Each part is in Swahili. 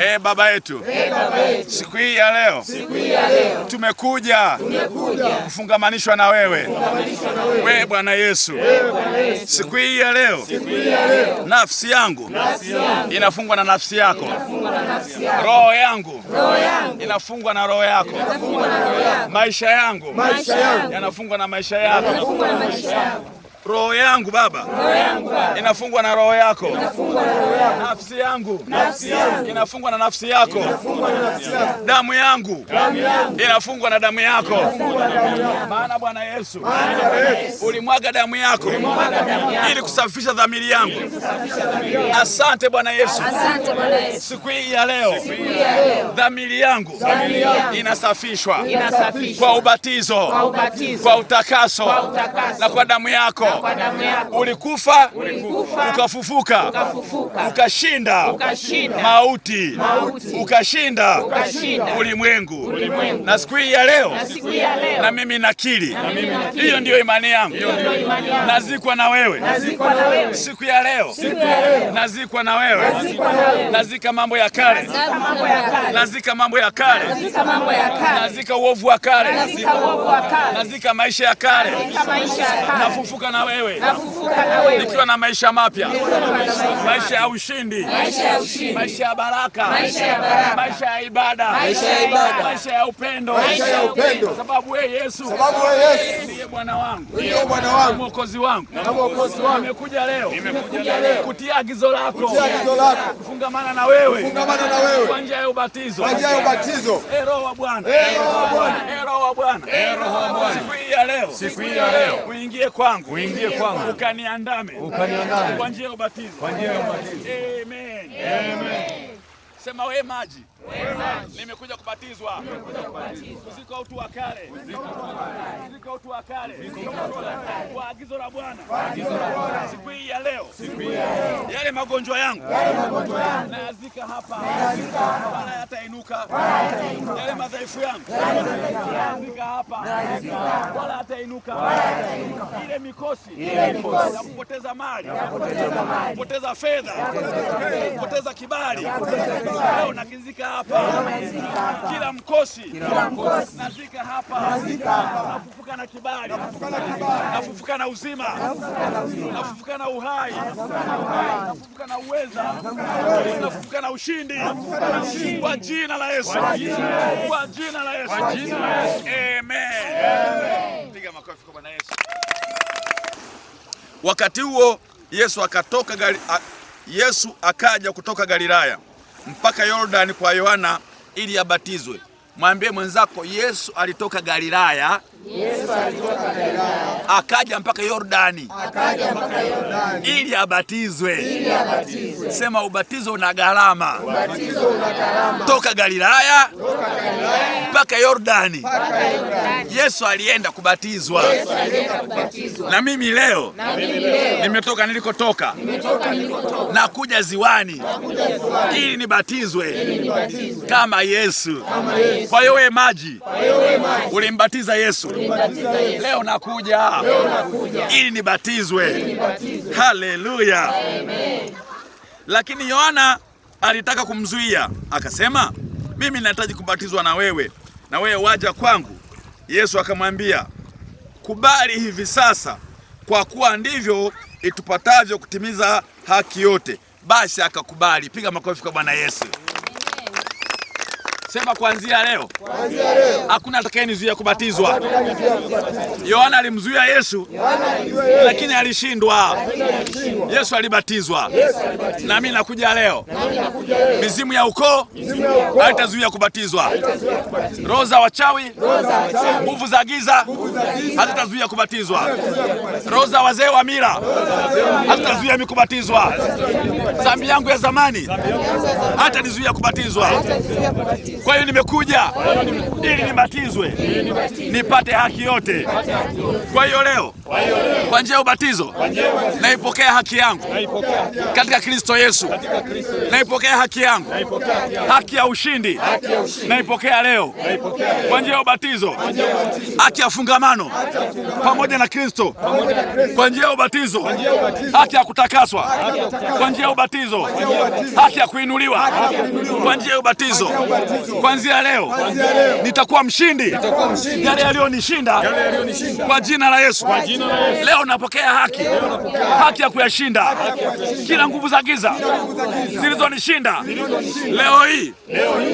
E Baba yetu, e Baba yetu, siku hii ya leo, siku hii ya leo tumekuja kufungamanishwa na wewe we Bwana Yesu. Siku hii ya leo nafsi yangu, nafsi yangu inafungwa na nafsi yako, roho yangu, yangu inafungwa na roho yako, maisha yangu, maisha yangu yanafungwa na maisha yako. Roho yangu Baba inafungwa na roho yako, nafsi yangu inafungwa na nafsi yako, damu yangu inafungwa na damu yako. Maana Bwana Yesu ulimwaga damu yako ili kusafisha dhamiri yangu. Asante Bwana Yesu, siku hii ya leo dhamiri yangu inasafishwa kwa ubatizo, kwa utakaso na kwa damu yako kwa damu yako. Ulikufa, ulikufa ukafufuka, ukafufuka ukashinda, ukashinda mauti, mauti ukashinda, ukashinda ulimwengu, ulimwengu. Na siku hii ya leo na mimi nakiri, hiyo ndiyo imani yangu, nazikwa na wewe siku ya leo, nazikwa na wewe, nazika mambo ya kale, nazika mambo ya kale, nazika uovu wa kale, nazika maisha ya kale, nafufuka na wewe, nikiwa na maisha mapya, maisha ya ushindi, maisha ya baraka, maisha ya ibada, maisha ya upendo, kwa sababu wewe Yesu ndiye Bwana wangu, ndiye Bwana wangu, mwokozi wangu. Nimekuja leo kutia agizo lako kufungamana na wewe kwa njia ya ubatizo. Ee Roho wa Bwana, siku hii ya leo uingie kwangu uingie kwangu, ukaniandame kwa njia ya ubatizo. kwa njia ya ubatizo. Amen. Amen. Sema wewe maji Nimekuja kubatizwa kuzika utu wa kale, kuzika utu wa kale kwa agizo la Bwana siku hii ya leo. Yale magonjwa yangu nayazika hapa, wala yatainuka. Yale madhaifu yangu nayazika hapa, wala yatainuka. Ile mikosi ya kupoteza mali, kupoteza fedha, kupoteza kibali, leo nakizika hapa, kila mkosi nazika hapa, nafufuka na kibali, nafufuka na uzima, nafufuka na uhai, nafufuka na uweza, nafufuka na ushindi kwa jina la Yesu, kwa jina la Yesu, amen. Piga makofi kwa Bwana Yesu. Wakati huo Yesu akatoka Yesu akaja kutoka Galilaya mpaka Yordani kwa Yohana ili abatizwe. Mwambie mwenzako Yesu alitoka Galilaya, Yesu alitoka Galilaya akaja mpaka Yordani, akaja mpaka Yordani ili abatizwe, ili abatizwe. Sema ubatizo una gharama, toka Galilaya mpaka Yordani. Yesu alienda kubatizwa, Na mimi leo, nimetoka nilikotoka na kuja ziwani ili nibatizwe kama Yesu. Kwa hiyo wewe maji ulimbatiza Yesu, leo nakuja ili nibatizwe. Haleluya! lakini Yohana alitaka kumzuia, akasema, mimi nahitaji kubatizwa na wewe na wewe waja kwangu? Yesu akamwambia, kubali hivi sasa, kwa kuwa ndivyo itupatavyo kutimiza haki yote. Basi akakubali. Piga makofi kwa Bwana Yesu. Sema kuanzia leo, hakuna atakayenizuia kubatizwa. Yohana alimzuia Yesu, lakini alishindwa. Yesu alibatizwa, na mimi nakuja leo. Mizimu ya ukoo haitazuia kubatizwa, roho za wachawi, nguvu za giza hazitazuia kubatizwa, roho za wazee wa mira hazitazuia mimi kubatizwa, dhambi yangu ya zamani hata nizuia kubatizwa. Kwa hiyo nimekuja ili nibatizwe nipate haki yote. Kwa hiyo leo kwa njia ya ubatizo naipokea haki yangu katika Kristo Yesu, naipokea haki yangu, haki ya ushindi naipokea leo kwa njia ya ubatizo, haki ya fungamano pamoja na Kristo kwa njia ya ubatizo, haki ya kutakaswa kwa njia ya ubatizo, haki ya kuinuliwa kwa njia ya ubatizo. Kuanzia leo nitakuwa mshindi yale yaliyonishinda kwa jina la Yesu. Leo napokea haki, haki ya kuyashinda kila nguvu za giza zilizonishinda. Leo hii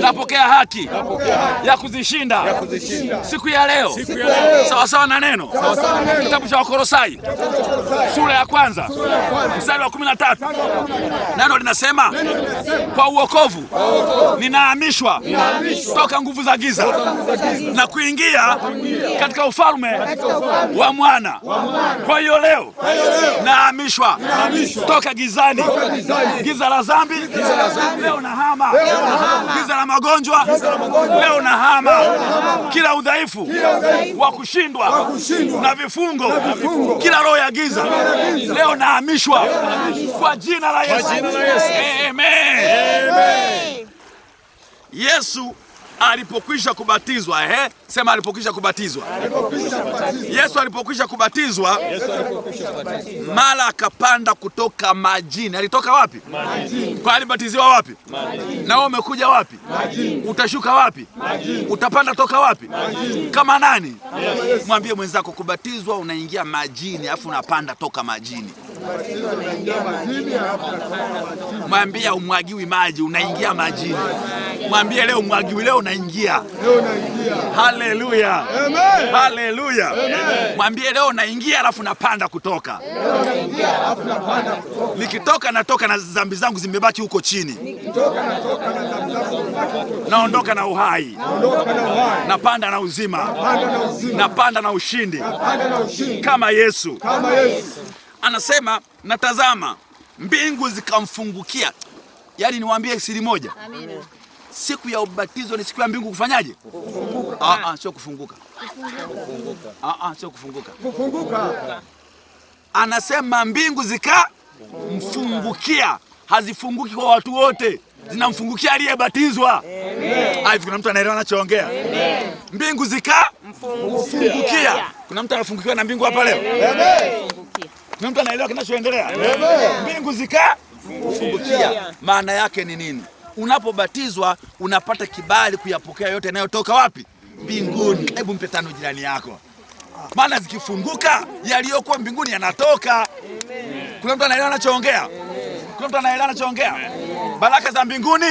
napokea haki ya kuzishinda siku ya leo, sawasawa na neno kitabu cha Wakorosai sura ya kwanza mstari wa kumi na tatu neno linasema kwa uokovu ninahamishwa toka nguvu za giza na kuingia katika ufalme wa mwana kwa hiyo leo nahamishwa toka gizani, giza la zambi, leo nahama giza la magonjwa, leo nahama kila udhaifu wa kushindwa na vifungo, kila roho ya giza leo nahamishwa kwa jina la Yesu. Amen. Yesu alipokwisha kubatizwa ehe, Sema alipokwisha kubatizwa. Yesu alipokwisha kubatizwa, mara akapanda kutoka majini. Alitoka wapi? Majini. Kwa alibatiziwa wapi? Majini. Na wewe umekuja wapi? Majini. Utashuka wapi? Majini. Utapanda toka wapi? Majini. Kama nani? Yes. Mwambie mwenzako kubatizwa unaingia majini, afu unapanda toka majini mwambia umwagiwi maji, unaingia majini. Mwambie leo umwagiwi, leo unaingia. Haleluya, haleluya. Mwambie leo unaingia, alafu napanda kutoka. Nikitoka natoka na dhambi zangu zimebaki huko chini, naondoka na uhai, napanda na uzima, napanda na ushindi kama Yesu anasema natazama mbingu zikamfungukia. Yaani niwaambie siri moja, Amina. Siku ya ubatizo ni siku ya mbingu kufanyaje? Kufunguka. Ah, ah, sio kufunguka. Kufunguka. Ah, ah, sio kufunguka. Kufunguka. Anasema mbingu zikamfungukia, hazifunguki kwa watu wote, zinamfungukia aliyebatizwa. Amen. Kuna mtu anaelewa anachoongea? Amen. Mbingu zikamfungukia. Kuna mtu anafungukiwa na mbingu hapa leo? Amen. Ni mtu anaelewa kinachoendelea? Mbingu zikafungukia, maana yake ni nini? Unapobatizwa unapata kibali kuyapokea yote yanayotoka wapi? Mbinguni. Hebu mpe tano jirani yako, maana zikifunguka yaliyokuwa mbinguni yanatoka. Kuna mtu anaelewa anachoongea? Kuna mtu anaelewa anachoongea? Baraka za mbinguni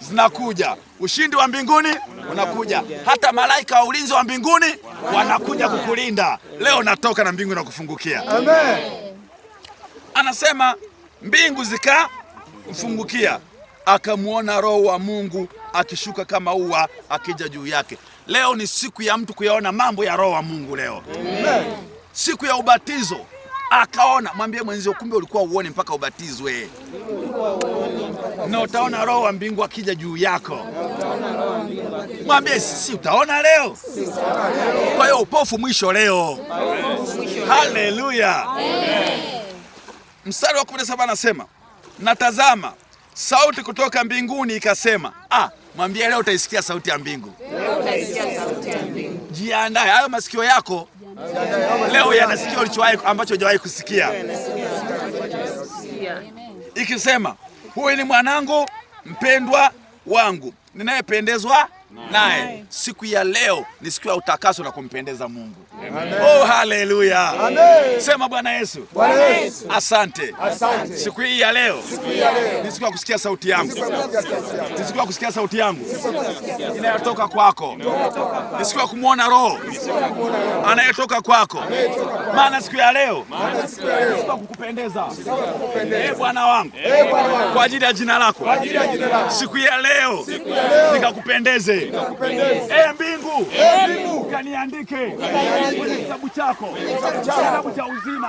zinakuja, ushindi wa mbinguni unakuja, hata malaika wa ulinzi wa mbinguni wanakuja kukulinda. Leo natoka na mbingu kufungukia. Amen. Anasema mbingu zikamfungukia, akamwona Roho wa Mungu akishuka kama ua akija juu yake. Leo ni siku ya mtu kuyaona mambo ya Roho wa Mungu leo. Amen. Siku ya ubatizo akaona, mwambie mwenzio, kumbe ulikuwa uone mpaka ubatizwe, na utaona Roho wa mbingu akija juu yako mwambie sisi utaona leo. Kwa hiyo upofu mwisho leo. Haleluya! Mstari wa 17 anasema natazama sauti kutoka mbinguni ikasema. Ah, mwambie leo utaisikia sauti ya mbingu. Jiandae, hayo masikio yako leo yanasikia ulichowahi ambacho hujawahi kusikia, ikisema huyu ni mwanangu mpendwa wangu ninayependezwa naye siku ya leo ni siku ya utakaso na kumpendeza Mungu. Amen. Oh, haleluya. Amen. Sema Bwana Yesu. Bwana Yesu. Asante. Asante. Siku hii ya leo ni siku ya kusikia sauti yangu, ni siku ya kusikia sauti yangu inayotoka kwako, ni siku ya kumwona Roho anayetoka kwako, maana siku ya leo siku ya kukupendeza eh Bwana wangu, kwa ajili ya jina lako, siku ya leo nikakupendeze Ee mbingu, ee kaniandike kwenye kitabu chako, kitabu cha uzima,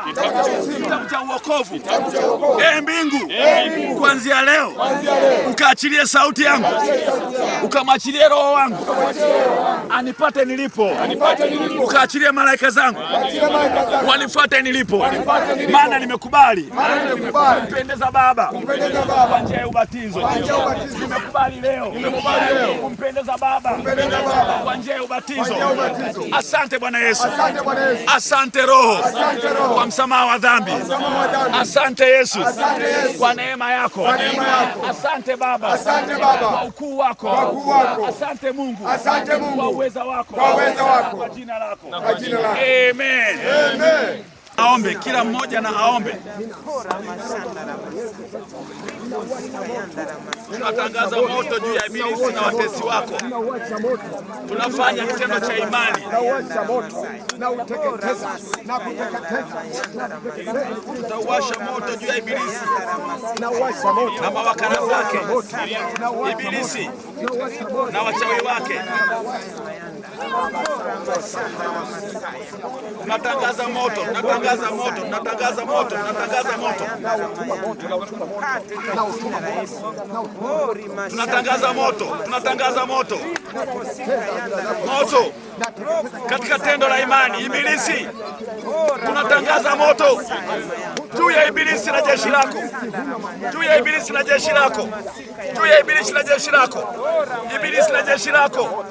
kitabu cha uokovu. Ee ee mbingu, kuanzia leo ukaachilie sauti yangu, ukamwachilie roho wangu anipate nilipo, ukaachilie malaika zangu wanifuate nilipo, maana nimekubali kumpendeza Baba kwa njia ya ubatizo. Nimekubali leo kumpendeza Baba kwa njia ya ubatizo. Asante Bwana Yesu, asante Roho kwa msamaha wa dhambi. Asante Yesu kwa neema yako. Asante Baba kwa ukuu wako. Asante Mungu kwa uweza wako, kwa jina lako. Amen. Aombe kila mmoja na aombe. Tunatangaza moto juu ya ibilisi na watesi wako. Tunafanya kitendo cha imani tutauwasha moto juu ya ibilisi na mawakala wake, ibilisi na wachawi wake Natangaza moto, natangaza moto, natangaza moto, natangaza moto. Tunatangaza moto, tunatangaza moto. Moto katika tendo la imani, ibilisi. Tunatangaza moto juu ya ibilisi na jeshi lako, juu ya ibilisi na jeshi lako, juu ya ibilisi na jeshi lako, ibilisi na jeshi lako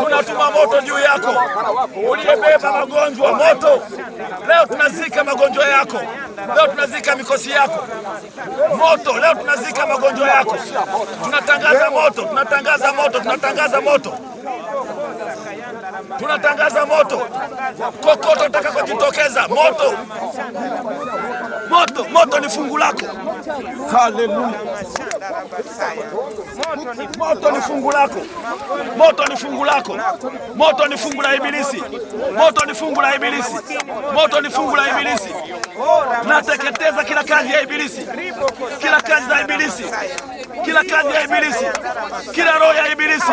tunatuma moto juu yako, uliyebeba magonjwa moto. Leo tunazika magonjwa yako, leo tunazika mikosi yako moto, leo tunazika magonjwa yako. Tunatangaza moto, tunatangaza moto, tunatangaza moto tunatangaza moto, kokoto utakapojitokeza moto moto, moto ni fungu lako. Haleluya, moto ni fungu lako, moto ni fungu lako, moto ni fungu la Ibilisi, moto ni fungu la Ibilisi, moto ni fungu la Ibilisi. Nateketeza kila kazi ya Ibilisi, kila kazi za Ibilisi, kila kazi ya Ibilisi, kila roho ya ibilisi.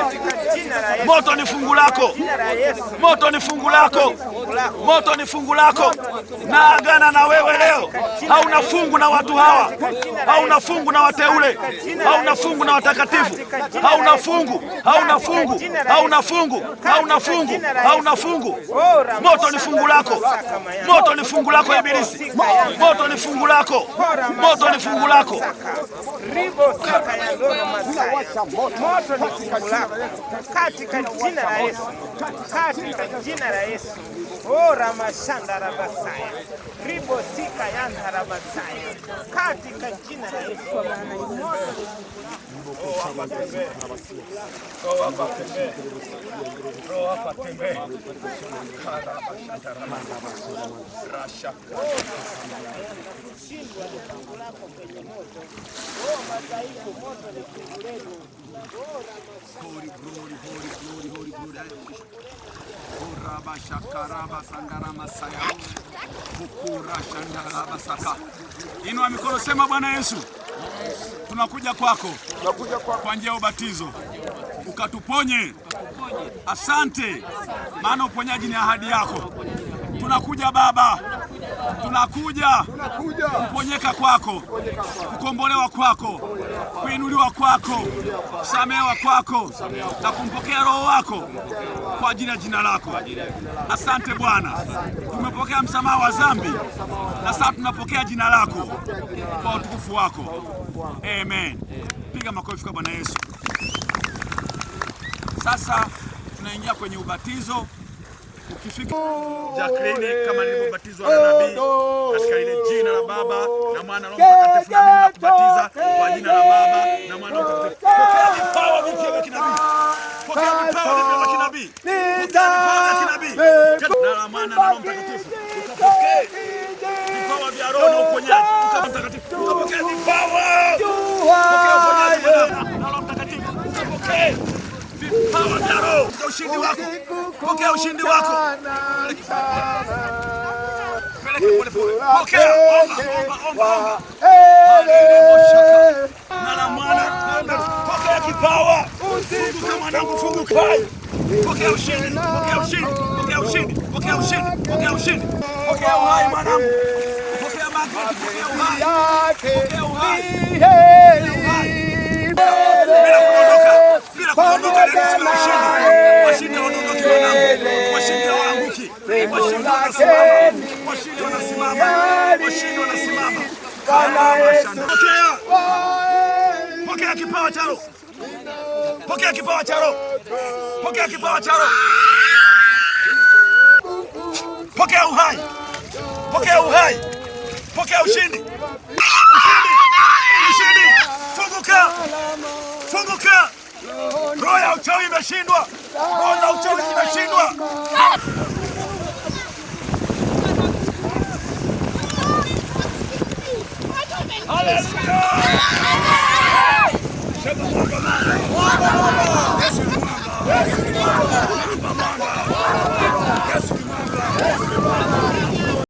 Moto ni fungu lako, moto ni fungu lako, moto ni fungu lako. Naagana na wewe leo, hauna fungu na watu hawa, hauna fungu na wateule, hauna fungu na watakatifu, hauna fungu, hauna fungu, hauna fungu, hauna fungu, hauna fungu. Moto ni fungu lako, moto ni fungu lako ibilisi, moto ni fungu lako, moto ni fungu lako fungu lako katika jina la Yesu, katika jina la Yesu. Oh, ramashanda rabasaya ribo sika yanda rabasaya katika jina la Yesu kushindwa ni pango lako kwenye moto. Inua mikono, sema Bwana Yesu tunakuja kwako kwa njia ya ubatizo ukatuponye. Asante, maana uponyaji ni ahadi yako. Tunakuja Baba tunakuja kuponyeka kwako, kukombolewa kwako, kuinuliwa kwako, kusamehewa kwako na kumpokea Roho wako kwa ajili ya jina lako. Asante Bwana, tumepokea msamaha wa dhambi na sasa tunapokea jina lako kwa utukufu wako. Amen. Piga makofi kwa Bwana Yesu. Sasa tunaingia kwenye ubatizo ukifika Jacqueline kama nilivyobatizwa na eh, nabii katika ile jina la Baba na Mwana na Roho Mtakatifu, na mimi nakubatiza kwa jina la Baba na Mwana na Roho Mtakatifu. Pokea vipawa vya kinabii, pokea vipawa vya kinabii, pokea vipawa vya kinabii na Mwana na Roho Mtakatifu, vipawa vya Roho na uponyaji, vipawa, uponyaji na Roho Mtakatifu, vipawa vya Roho, ushindi wako Pokea ushindi wako. Pokea, kipawa. mwanangu, funguka. Pokea ushindi, pokea ushindi, pokea ushindi, pokea ushindi, pokea ushindi. Pokea uhai mwanangu. Pokea maji, pokea Bila kuondoka, bila kuondoka, ndio ushindi wanangu, washindi hawaanguki, washindi wanasimama, washindi wanasimama, washindi wanasimama. Pokea kipawa cha Roho, pokea kipawa cha Roho, pokea kipawa cha Roho, pokea uhai, pokea uhai, pokea ushindi, ushindi, ushindi. Funguka, funguka. 我要交你的新诺，我要交你的新诺。什么